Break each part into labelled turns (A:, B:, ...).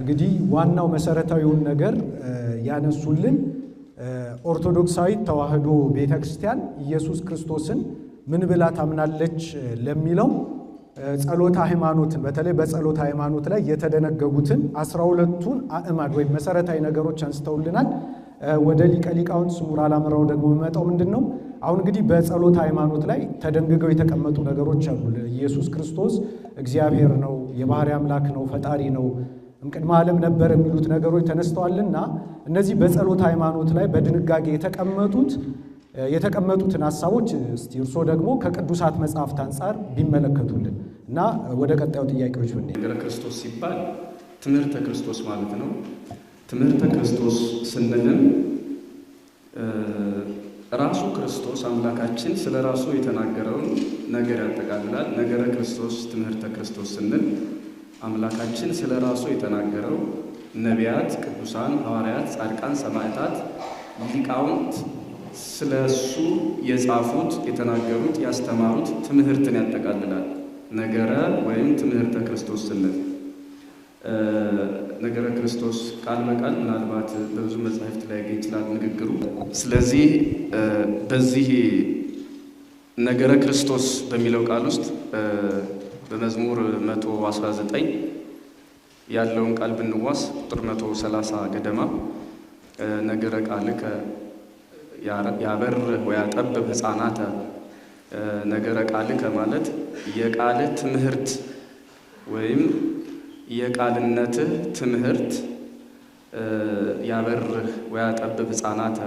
A: እንግዲህ ዋናው መሰረታዊውን ነገር ያነሱልን ኦርቶዶክሳዊት ተዋህዶ ቤተ ክርስቲያን ኢየሱስ ክርስቶስን ምን ብላ ታምናለች ለሚለው ጸሎተ ሃይማኖትን በተለይ በጸሎተ ሃይማኖት ላይ የተደነገጉትን አስራ ሁለቱን አእማድ ወይም መሰረታዊ ነገሮች አንስተውልናል። ወደ ሊቀ ሊቃውንት ስሙር አላምራው ደግሞ የሚመጣው ምንድን ነው? አሁን እንግዲህ በጸሎተ ሃይማኖት ላይ ተደንግገው የተቀመጡ ነገሮች አሉ። ኢየሱስ ክርስቶስ እግዚአብሔር ነው፣ የባህሪ አምላክ ነው፣ ፈጣሪ ነው እምቅድመ ዓለም ነበር የሚሉት ነገሮች ተነስተዋልና እነዚህ በጸሎት ሃይማኖት ላይ በድንጋጌ የተቀመጡት የተቀመጡትን ሀሳቦች እስቲ እርስዎ ደግሞ ከቅዱሳት መጽሐፍት አንጻር ቢመለከቱልን እና ወደ ቀጣዩ ጥያቄዎች ብንሄድ
B: ነገረ ክርስቶስ ሲባል ትምህርተ ክርስቶስ ማለት ነው። ትምህርተ ክርስቶስ ስንልም ራሱ ክርስቶስ አምላካችን ስለ ራሱ የተናገረውን ነገር ያጠቃልላል። ነገረ ክርስቶስ ትምህርተ ክርስቶስ ስንል አምላካችን ስለ ራሱ የተናገረው ነቢያት፣ ቅዱሳን፣ ሐዋርያት፣ ጻድቃን፣ ሰማዕታት፣ ሊቃውንት ስለ እሱ የጻፉት የተናገሩት፣ ያስተማሩት ትምህርትን ያጠቃልላል። ነገረ ወይም ትምህርተ ክርስቶስ ስንል ነገረ ክርስቶስ ቃል በቃል ምናልባት በብዙ መጽሐፍት ላይ ያገኝ ይችላል ንግግሩ። ስለዚህ በዚህ ነገረ ክርስቶስ በሚለው ቃል ውስጥ በመዝሙር 119 ያለውን ቃል ብንዋስ ቁጥር 130 ገደማ ነገረ ቃልከ ያበር ወያጠብብ ሕፃናተ ነገረ ቃልከ ማለት የቃል ትምህርት ወይም የቃልነትህ ትምህርት ያበርህ ወያጠብብ ሕፃናተ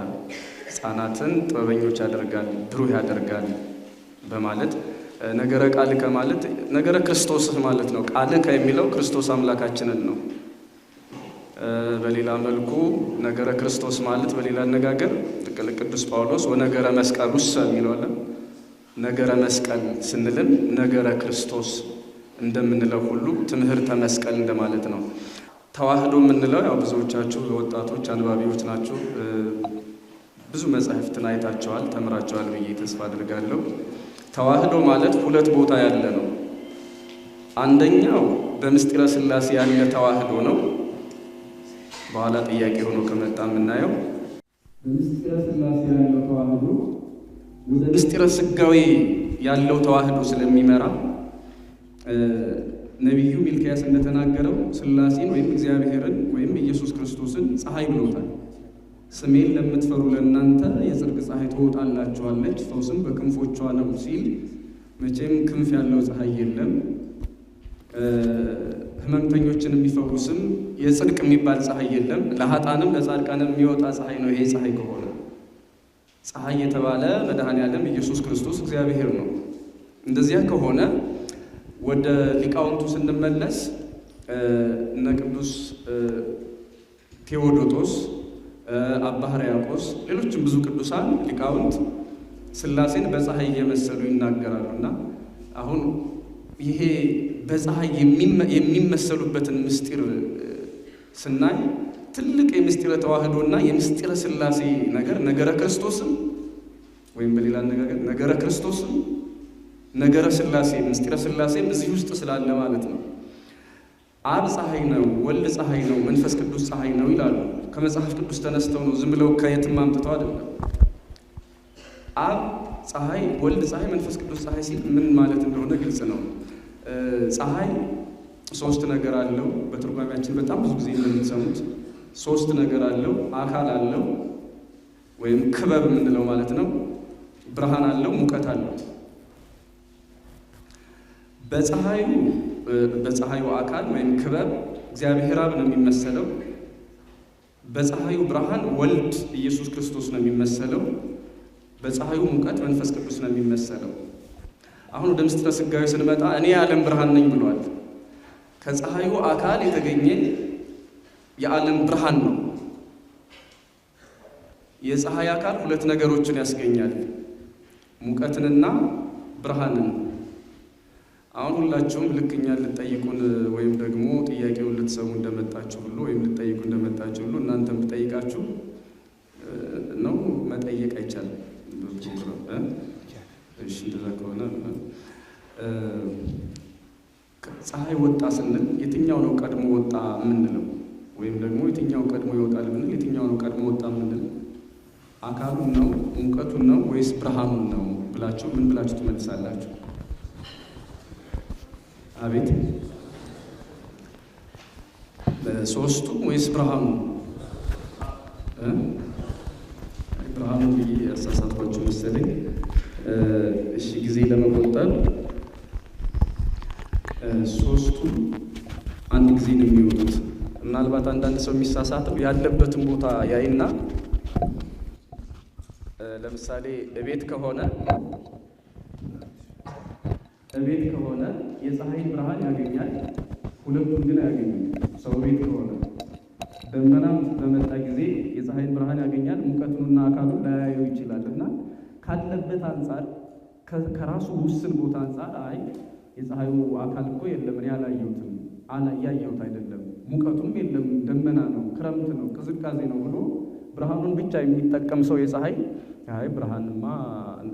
B: ሕፃናትን ጥበበኞች ያደርጋል ብሩህ ያደርጋል በማለት ነገረ ቃል ማለት ነገረ ክርስቶስ ማለት ነው። ቃል የሚለው ክርስቶስ አምላካችንን ነው። በሌላ መልኩ ነገረ ክርስቶስ ማለት በሌላ አነጋገር ቅዱስ ጳውሎስ ወነገረ መስቀል ውስጥ የሚለዋለን ነገረ መስቀል ስንልም ነገረ ክርስቶስ እንደምንለው ሁሉ ትምህርተ መስቀል እንደማለት ነው። ተዋህዶ የምንለው ያው ብዙዎቻችሁ ወጣቶች አንባቢዎች ናችሁ፣ ብዙ መጽሐፍትን አይታችኋል፣ ተምራችኋል ብዬ ተስፋ አድርጋለሁ። ተዋህዶ ማለት ሁለት ቦታ ያለ ነው። አንደኛው በምስጢረ ስላሴ ያለ ተዋህዶ ነው። በኋላ ጥያቄ ሆኖ ከመጣ የምናየው
A: ያለው ተዋህዶ
B: ምስጢረ ስጋዊ ያለው ተዋህዶ ስለሚመራ ነቢዩ ሚልክያስ እንደተናገረው ስላሴን ወይም እግዚአብሔርን ወይም ኢየሱስ ክርስቶስን ፀሐይ ብሎታል። ስሜን ለምትፈሩ ለእናንተ የጽድቅ ፀሐይ ትወጣላችኋለች፣ ፈውስም በክንፎቿ ነው ሲል መቼም ክንፍ ያለው ፀሐይ የለም። ህመምተኞችን የሚፈውስም የጽድቅ የሚባል ፀሐይ የለም። ለሀጣንም ለጻድቃንም የሚወጣ ፀሐይ ነው። ይሄ ፀሐይ ከሆነ ፀሐይ የተባለ መድኃኔ ዓለም ኢየሱስ ክርስቶስ እግዚአብሔር ነው። እንደዚያ ከሆነ ወደ ሊቃውንቱ ስንመለስ እነ ቅዱስ ቴዎዶጦስ አባ ሕርያቆስ ሌሎችም ብዙ ቅዱሳን ሊቃውንት ስላሴን በፀሐይ እየመሰሉ ይናገራሉና አሁን ይሄ በፀሐይ የሚመሰሉበትን ምስጢር ስናይ ትልቅ የምስጢረ ተዋህዶና የምስጢረ ስላሴ ነገር ነገረ ክርስቶስም ወይም በሌላ አነጋገር ነገረ ክርስቶስም ነገረ ስላሴ ምስጢረ ስላሴም እዚህ ውስጥ ስላለ ማለት ነው። አብ ፀሐይ ነው፣ ወልድ ፀሐይ ነው፣ መንፈስ ቅዱስ ፀሐይ ነው ይላሉ። ከመጽሐፍ ቅዱስ ተነስተው ነው፣ ዝም ብለው ከየትም አምጥተው አይደለም። አብ ፀሐይ፣ ወልድ ፀሐይ፣ መንፈስ ቅዱስ ፀሐይ ሲል ምን ማለት እንደሆነ ግልጽ ነው። ፀሐይ ሶስት ነገር አለው። በትርጓሚያችን በጣም ብዙ ጊዜ እንደምትሰሙት ሶስት ነገር አለው። አካል አለው ወይም ክበብ የምንለው ማለት ነው። ብርሃን አለው፣ ሙቀት አለው። በፀሐዩ በፀሐዩ አካል ወይም ክበብ እግዚአብሔር አብ ነው የሚመሰለው። በፀሐዩ ብርሃን ወልድ ኢየሱስ ክርስቶስ ነው የሚመሰለው። በፀሐዩ ሙቀት መንፈስ ቅዱስ ነው የሚመሰለው። አሁን ወደ ምስጢረ ሥጋዌ ስንመጣ እኔ የዓለም ብርሃን ነኝ ብሏል። ከፀሐዩ አካል የተገኘ የዓለም ብርሃን ነው። የፀሐይ አካል ሁለት ነገሮችን ያስገኛል፣ ሙቀትንና ብርሃንን አሁን ሁላችሁም ልክኛ ልጠይቁን ወይም ደግሞ ጥያቄውን ልትሰሙ እንደመጣችሁ ሁሉ ወይም ልጠይቁ እንደመጣችሁ ሁሉ እናንተም ብጠይቃችሁ ነው መጠየቅ አይቻልም። እሺ እንደዛ ከሆነ ፀሐይ ወጣ ስንል የትኛው ነው ቀድሞ ወጣ የምንለው? ወይም ደግሞ የትኛው ቀድሞ ይወጣል ብንል የትኛው ነው ቀድሞ ወጣ የምንለው? አካሉን ነው? ሙቀቱን ነው? ወይስ ብርሃኑን ነው ብላችሁ ምን ብላችሁ ትመልሳላችሁ? አቤት ሶስቱ ወይስ ብርሃኑ? ብርሃኑ ያሳሳትኳቸው መሰለኝ። እሺ ጊዜ ለመቆጠብ ሶስቱ አንድ ጊዜ ነው የሚወጡት። ምናልባት አንዳንድ ሰው የሚሳሳተው ያለበትን ቦታ ያይና ለምሳሌ እቤት ከሆነ እቤት ከሆነ የፀሐይ ብርሃን ያገኛል፣ ሁለቱም ግን አያገኙም። ሰው ቤት ከሆነ ደመናም በመጣ ጊዜ የፀሐይን ብርሃን ያገኛል፣ ሙቀቱንና አካሉን ላያየው ይችላል እና ካለበት አንጻር ከራሱ ውስን ቦታ አንጻር አይ የፀሐዩ አካል እኮ የለም እኔ አላየሁትም፣ ያየሁት አይደለም፣ ሙቀቱም የለም፣ ደመና ነው፣ ክረምት ነው፣ ቅዝቃዜ ነው ብሎ ብርሃኑን ብቻ የሚጠቀም ሰው የፀሐይ አይ ብርሃንማ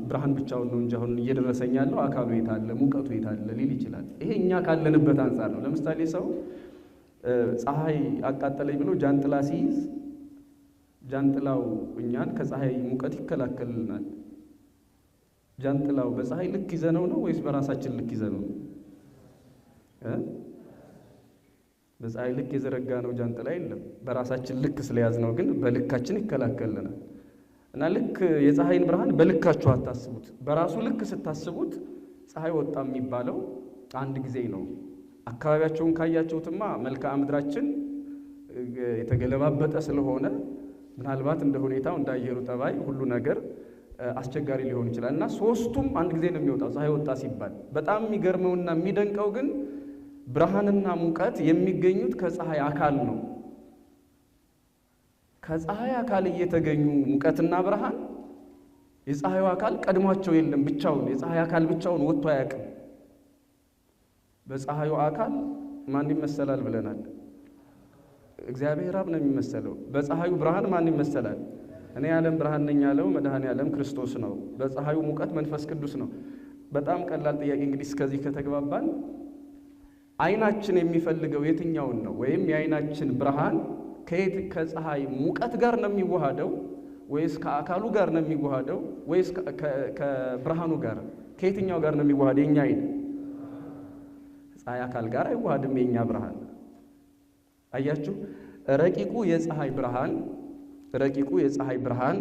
B: ብርሃን ብቻውን ነው እንጂ አሁን እየደረሰኝ ያለው አካሉ የታለ ሙቀቱ የታለ ሊል ይችላል። ይሄ እኛ ካለንበት አንጻር ነው። ለምሳሌ ሰው ፀሐይ አቃጠለኝ ብሎ ጃንጥላ ሲይዝ ጃንጥላው እኛን ከፀሐይ ሙቀት ይከላከልልናል። ጃንጥላው በፀሐይ ልክ ይዘነው ነው ወይስ በራሳችን ልክ ይዘነው ነው? በፀሐይ ልክ የዘረጋ ነው ጃንጥላ የለም። በራሳችን ልክ ስለያዝነው ግን በልካችን ይከላከልልናል። እና ልክ የፀሐይን ብርሃን በልካችሁ አታስቡት። በራሱ ልክ ስታስቡት ፀሐይ ወጣ የሚባለው አንድ ጊዜ ነው። አካባቢያቸውን ካያቸውትማ መልክዓ ምድራችን የተገለባበጠ ስለሆነ ምናልባት እንደ ሁኔታው እንደ አየሩ ጠባይ ሁሉ ነገር አስቸጋሪ ሊሆን ይችላል እና ሶስቱም አንድ ጊዜ ነው የሚወጣው ፀሐይ ወጣ ሲባል። በጣም የሚገርመውና የሚደንቀው ግን ብርሃንና ሙቀት የሚገኙት ከፀሐይ አካል ነው። ከፀሐይ አካል እየተገኙ ሙቀትና ብርሃን የፀሐዩ አካል ቀድሟቸው የለም። ብቻውን የፀሐይ አካል ብቻውን ወጥቶ አያውቅም። በፀሐዩ አካል ማን ይመሰላል ብለናል? እግዚአብሔር አብ ነው የሚመሰለው። በፀሐዩ ብርሃን ማን ይመሰላል? እኔ የዓለም ብርሃን ነኝ ያለው መድኃኔ ዓለም ክርስቶስ ነው። በፀሐዩ ሙቀት መንፈስ ቅዱስ ነው። በጣም ቀላል ጥያቄ እንግዲህ እስከዚህ ከተግባባን አይናችን የሚፈልገው የትኛውን ነው? ወይም የአይናችን ብርሃን ከየት ከፀሐይ ሙቀት ጋር ነው የሚዋሃደው ወይስ ከአካሉ ጋር ነው የሚዋሃደው ወይስ ከብርሃኑ ጋር ከየትኛው ጋር ነው የሚዋሃደው? የኛ አይን ፀሐይ አካል ጋር አይዋሃድም። የኛ ብርሃን አያችሁ፣ ረቂቁ የፀሐይ ብርሃን ረቂቁ የፀሐይ ብርሃን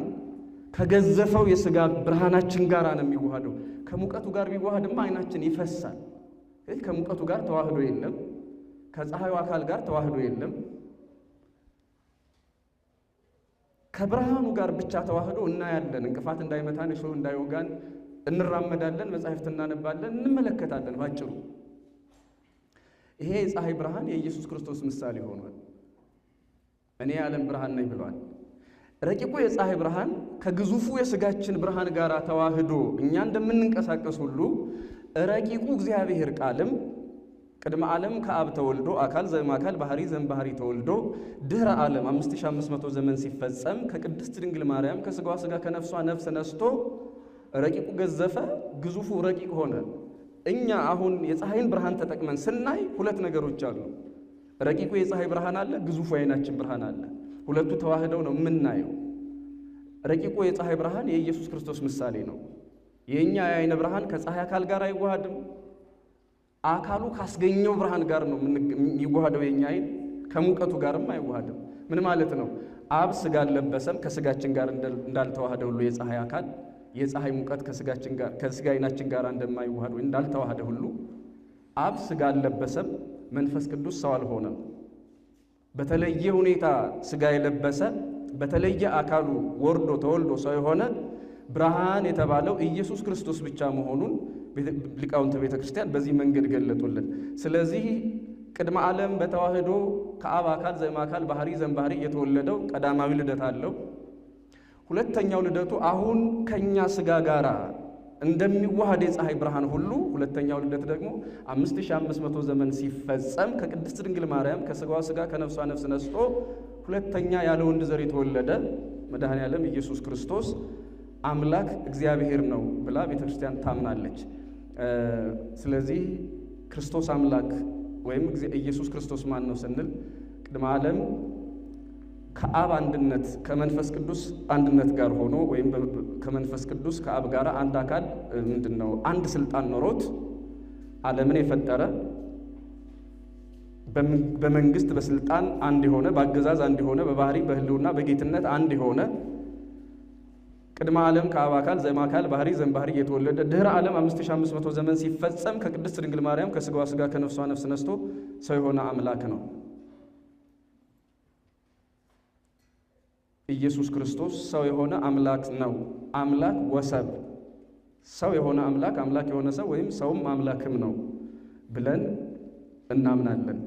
B: ከገዘፈው የስጋ ብርሃናችን ጋር ነው የሚዋሃደው። ከሙቀቱ ጋር ቢዋሃድማ አይናችን ይፈሳል። ከሙቀቱ ጋር ተዋህዶ የለም። ከፀሐዩ አካል ጋር ተዋህዶ የለም። ከብርሃኑ ጋር ብቻ ተዋህዶ እናያለን። እንቅፋት እንዳይመታን፣ እሾህ እንዳይወጋን እንራመዳለን፣ መጻሕፍት እናነባለን፣ እንመለከታለን። ባጭሩ ይሄ የፀሐይ ብርሃን የኢየሱስ ክርስቶስ ምሳሌ ሆኗል። እኔ የዓለም ብርሃን ነኝ ብሏል። ረቂቁ የፀሐይ ብርሃን ከግዙፉ የስጋችን ብርሃን ጋር ተዋህዶ እኛ እንደምንንቀሳቀስ ሁሉ ረቂቁ እግዚአብሔር ቃልም ቅድመ ዓለም ከአብ ተወልዶ አካል ዘም አካል ባህሪ ዘም ባህሪ ተወልዶ ድህረ ዓለም 5500 ዘመን ሲፈጸም ከቅድስት ድንግል ማርያም ከስጋዋ ስጋ ከነፍሷ ነፍስ ነስቶ ረቂቁ ገዘፈ፣ ግዙፉ ረቂቅ ሆነ። እኛ አሁን የፀሐይን ብርሃን ተጠቅመን ስናይ ሁለት ነገሮች አሉ። ረቂቁ የፀሐይ ብርሃን አለ፣ ግዙፉ የዓይናችን ብርሃን አለ። ሁለቱ ተዋህደው ነው የምናየው። ረቂቁ የፀሐይ ብርሃን የኢየሱስ ክርስቶስ ምሳሌ ነው። የእኛ የዓይነ ብርሃን ከፀሐይ አካል ጋር አይዋሃድም። አካሉ ካስገኘው ብርሃን ጋር ነው የሚዋሃደው። የኛ አይን ከሙቀቱ ጋርም አይዋሃድም። ምን ማለት ነው? አብ ስጋ አለበሰም ከስጋችን ጋር እንዳልተዋሃደ ሁሉ የፀሐይ አካል የፀሐይ ሙቀት ከስጋችን ጋር ከስጋ አይናችን ጋር እንደማይዋሃድ ወይ እንዳልተዋሃደ ሁሉ አብ ስጋ አለበሰም መንፈስ ቅዱስ ሰው አልሆነም። በተለየ ሁኔታ ስጋ የለበሰ በተለየ አካሉ ወርዶ ተወልዶ ሰው የሆነ ብርሃን የተባለው ኢየሱስ ክርስቶስ ብቻ መሆኑን ሊቃውንተ ቤተ ክርስቲያን በዚህ መንገድ ገለጡልን። ስለዚህ ቅድመ ዓለም በተዋህዶ ከአብ አካል ዘእም አካል ባህሪ ዘም ባህሪ የተወለደው ቀዳማዊ ልደት አለው። ሁለተኛው ልደቱ አሁን ከእኛ ስጋ ጋር እንደሚዋሃድ የፀሐይ ብርሃን ሁሉ ሁለተኛው ልደት ደግሞ 5500 ዘመን ሲፈጸም ከቅድስት ድንግል ማርያም ከስጋዋ ስጋ ከነፍሷ ነፍስ ነስቶ ሁለተኛ ያለ ወንድ ዘር የተወለደ መድኃኔ ዓለም ኢየሱስ ክርስቶስ አምላክ እግዚአብሔር ነው ብላ ቤተ ክርስቲያን ታምናለች። ስለዚህ ክርስቶስ አምላክ ወይም ኢየሱስ ክርስቶስ ማን ነው ስንል ቅድመ ዓለም ከአብ አንድነት ከመንፈስ ቅዱስ አንድነት ጋር ሆኖ ወይም ከመንፈስ ቅዱስ ከአብ ጋር አንድ አካል ምንድን ነው አንድ ስልጣን ኖሮት ዓለምን የፈጠረ በመንግስት በስልጣን አንድ የሆነ በአገዛዝ አንድ የሆነ በባህሪ በህልውና በጌትነት አንድ የሆነ ቅድመ ዓለም ከአብ አካል ዘማ አካል ባህሪ ዘም ባህሪ የተወለደ ድህረ ዓለም 5500 ዘመን ሲፈጸም ከቅድስት ድንግል ማርያም ከስጋዋ ስጋ ከነፍሷ ነፍስ ነስቶ ሰው የሆነ አምላክ ነው። ኢየሱስ ክርስቶስ ሰው የሆነ አምላክ ነው። አምላክ ወሰብ ሰው የሆነ አምላክ አምላክ የሆነ ሰው ወይም ሰውም አምላክም ነው ብለን እናምናለን።